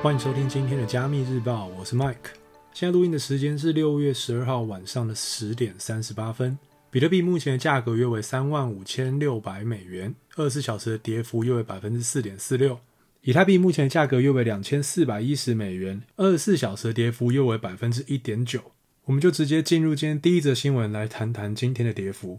歡迎收聽今天的加密日報，我是 Mike。現在錄音的時間是六月十二號晚上的十點三十八分。比特幣目前的價格約為三萬五千六百美元，二十四小時的跌幅約為百分之四點四六。以太幣目前的價格約為兩千四百一十美元，二十四小時的跌幅約為百分之一點九。我們就直接進入今天第一則新聞，來談談今天的跌幅。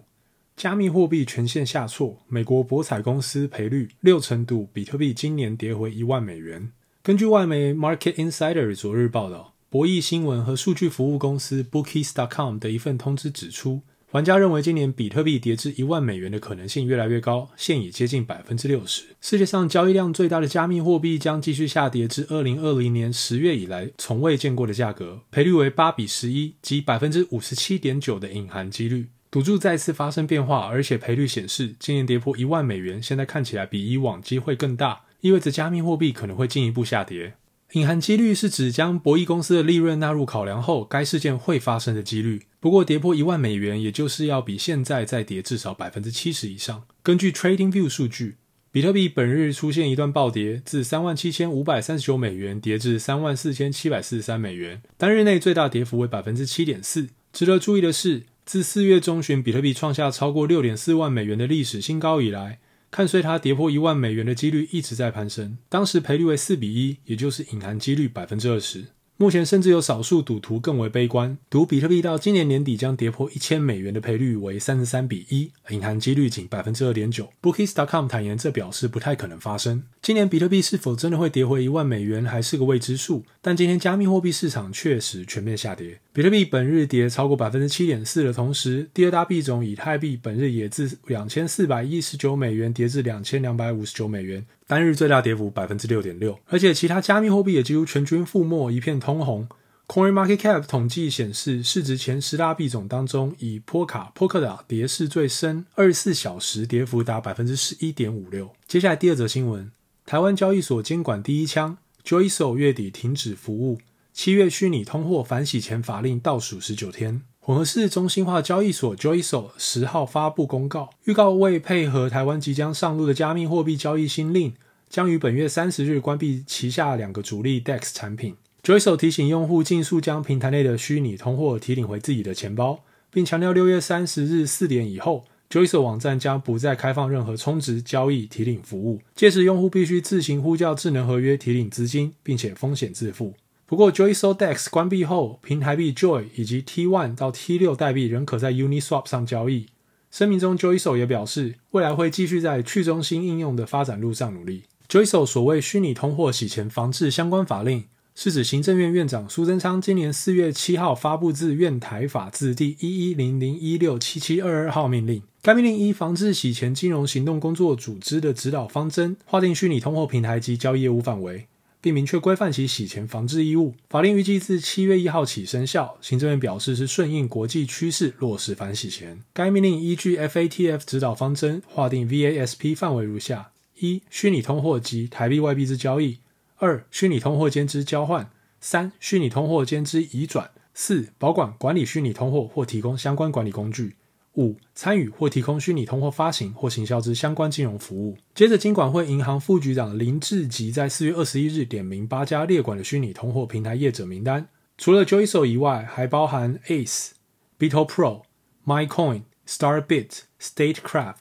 加密貨幣全線下挫，美國博彩公司賠率六成賭比特幣，今年跌回一萬美元。根據外媒 Market Insider 昨日報道，博弈新聞和數據服務公司 Bookies.com 的一份通知指出，玩家認為今年比特幣跌至一萬美元的可能性越來越高，現已接近百分之六十。世界上交易量最大的加密貨幣將繼續下跌至二零二零年十月以來從未見過的價格，賠率為八比十一及百分之五十七點九的隱含幾率。賭注再次發生變化，而且賠率顯示，今年跌破一萬美元，現在看起來比以往機會更大。意味着加密貨幣可能會進一步下跌。隱含幾率是指將博弈公司的利潤納入考量後，該事件會發生的幾率。不過，跌破一萬美元，也就是要比現在再跌至少百分之七十以上。根據 TradingView 數據，比特幣本日出現一段暴跌，自三萬七千五百三十九美元跌至三萬四千七百四十三美元，單日內最大跌幅為百分之七點四。值得注意的是，自四月中旬比特幣創下超過六點四萬美元的歷史新高以來。看衰它跌破一萬美元的幾率一直在攀升，當時賠率為四比一，也就是隱含幾率百分之二十。目前甚至有少數賭徒更為悲觀，賭比特幣到今年年底將跌破一千美元的賠率為三十三比一，隱含幾率僅百分之二點九。Bookies.com 坦言，這表示不太可能發生。今年比特幣是否真的會跌回一萬美元，還是個未知數。但今天加密貨幣市場確實全面下跌，比特幣本日跌超過百分之七點四的同時，第二大幣種以太幣本日也自兩千四百一十九美元跌至兩千兩百五十九美元。單日最大跌幅百分之六點六，而且其他加密貨幣也幾乎全軍覆沒，一片通紅。CoinMarketCap 統計顯示，市值前十大幣種當中，以波卡 Polkadot 的跌勢最深，二十四小時跌幅達百分之十一點五六。接下來第二則新聞：台灣交易所監管第一槍，Joyso 月底停止服務，七月虛擬通貨反洗錢法令倒數十九天。混合式中心化交易所 Joyso 十號發布公告，預告為配合台灣即將上路的加密貨幣交易新令，將於本月三十日關閉旗下兩個主力 DEX 產品。Joyso 提醒用戶，盡速將平台內的虛擬通貨提領回自己的錢包，並強調六月三十日四點以後 Joyso 網站將不再開放任何充值、交易、提領服務。屆時，用戶必須自行呼叫智能合約提領資金，並且風險自負。不過，Joyso Dex 關閉後，平台幣 Joy 以及 T1 到 T6 代幣仍可在 Uniswap 上交易。聲明中，Joyso 也表示，未來會繼續在去中心應用的發展路上努力。Joyso 所謂虛擬通貨洗錢防治相關法令，是指行政院院長蘇貞昌今年四月七號發布自院台法字第一一零零一六七七二二號命令。該命令依防治洗錢金融行動工作組織的指導方針，劃定虛擬通貨平台及交易業務範圍。並明確規範其洗錢防治義務。法令預計自七月一號起生效。行政院表示，是順應國際趨勢落實反洗錢。該命令依據 FATF 指導方針劃定 VASP 範圍如下：一、虛擬通貨及台幣、外幣之交易；二、虛擬通貨間之交換；三、虛擬通貨間之移轉；四、保管、管理虛擬通貨或提供相關管理工具。五、參與或提供虛擬通貨發行或行銷之相關金融服務。接着，金管會銀行副局長林志吉在四月二十一日點名八家列管的虛擬通貨平台業者名單，除了 Joyso 以外，還包含 Ace、BitoPro、MyCoin、StarBit、Statecraft、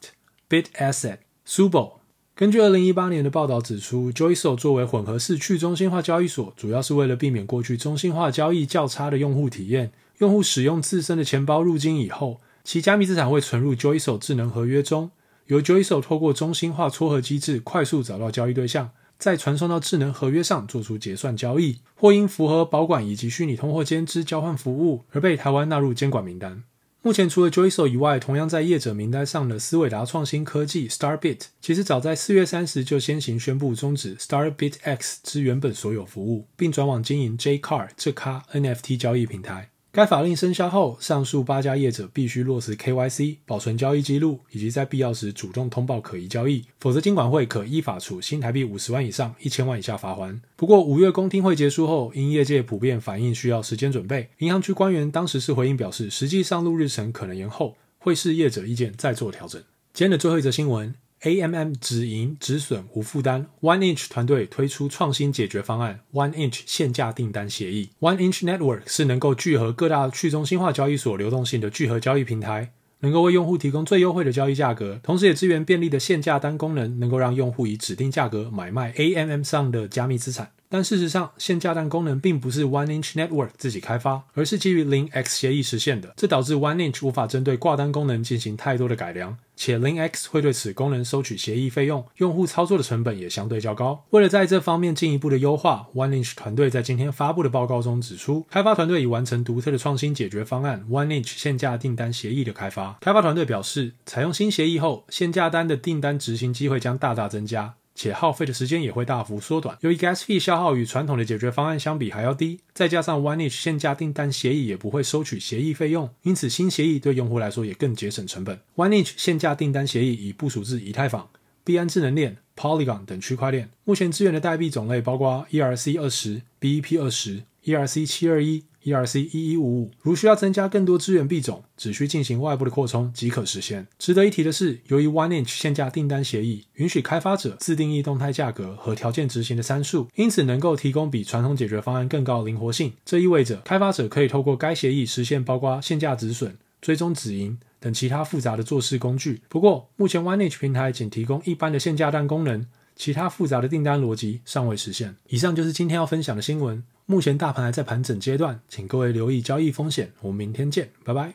BitAsset、Subo。根據二零一八年的報道指出，Joyso 作為混合式去中心化交易所，主要是為了避免過去中心化交易較差的用戶體驗，用戶使用自身的錢包入金以後。其加密資產會存入 Joyso 智能合約中，由 Joyso 透過中心化撮合機制快速找到交易對象，再傳送到智能合約上做出結算交易，或因符合保管以及虛擬通貨間之交換服務而被台灣納入監管名單。目前除了 Joyso 以外，同樣在業者名單上的思偉達創新科技 Starbit，其實早在四月三十就先行宣布終止 Starbit X 之原本所有服務，並轉往經營 JCar 這咖 NFT 交易平台。該法令生效後，上述八家業者必須落實 KYC、保存交易記錄，以及在必要時主動通報可疑交易，否則金管會可依法處新台幣五十萬以上一千萬以下罰鍰。不過，五月公聽會結束後，因業界普遍反映需要時間準備，銀行局官員當時是回應表示，實際上路日程可能延後，會視業者意見再做調整。今天的最後一則新聞。AMM 止盈止損無負擔，One Inch 團隊推出創新解決方案 ——One Inch 限價訂單協議。One Inch Network 是能夠聚合各大去中心化交易所流動性的聚合交易平台，能夠為用戶提供最優惠的交易價格，同時也支援便利的限價單功能，能夠讓用戶以指定價格買賣 AMM 上的加密資產。但事實上，限價單功能並不是 1inch Network 自己開發，而是基於 Linux 協議實現的。這導致 1inch 無法針對掛單功能進行太多的改良，且 Linux 會對此功能收取協議費用，用戶操作的成本也相對較高。為了在這方面進一步的優化，1inch 團隊在今天發布的報告中指出，開發團隊已完成獨特的創新解決方案 1inch 限價訂單協議的開發。開發團隊表示，採用新協議後，限價單的訂單執行機會將大大增加。且耗費的時間也會大幅縮短，由於 Gas 費消耗與傳統的解決方案相比還要低，再加上 1inch 限價訂單協議也不會收取協議費用，因此新協議對用戶來說也更節省成本。1inch 限價訂單協議已部署至以太坊、幣安智能鏈、Polygon 等區塊鏈，目前支援的代幣種類包括 ERC 二十、BEP 二十、ERC 七二一。ERC 1155，如需要增加更多資源幣種，只需進行外部的擴充即可實現。值得一提的是，由於 1inch 限價訂單協議允許開發者自定義動態價格和條件執行的參數，因此能夠提供比傳統解決方案更高的靈活性。這意味着開發者可以透過該協議實現包括限價止損、追蹤止盈等其他複雜的做事工具。不過，目前 1inch 平台僅提供一般的限價單功能，其他複雜的訂單邏輯尚未實現。以上就是今天要分享的新聞。目前大盤還在盤整階段，請各位留意交易風險。我們明天見，拜拜。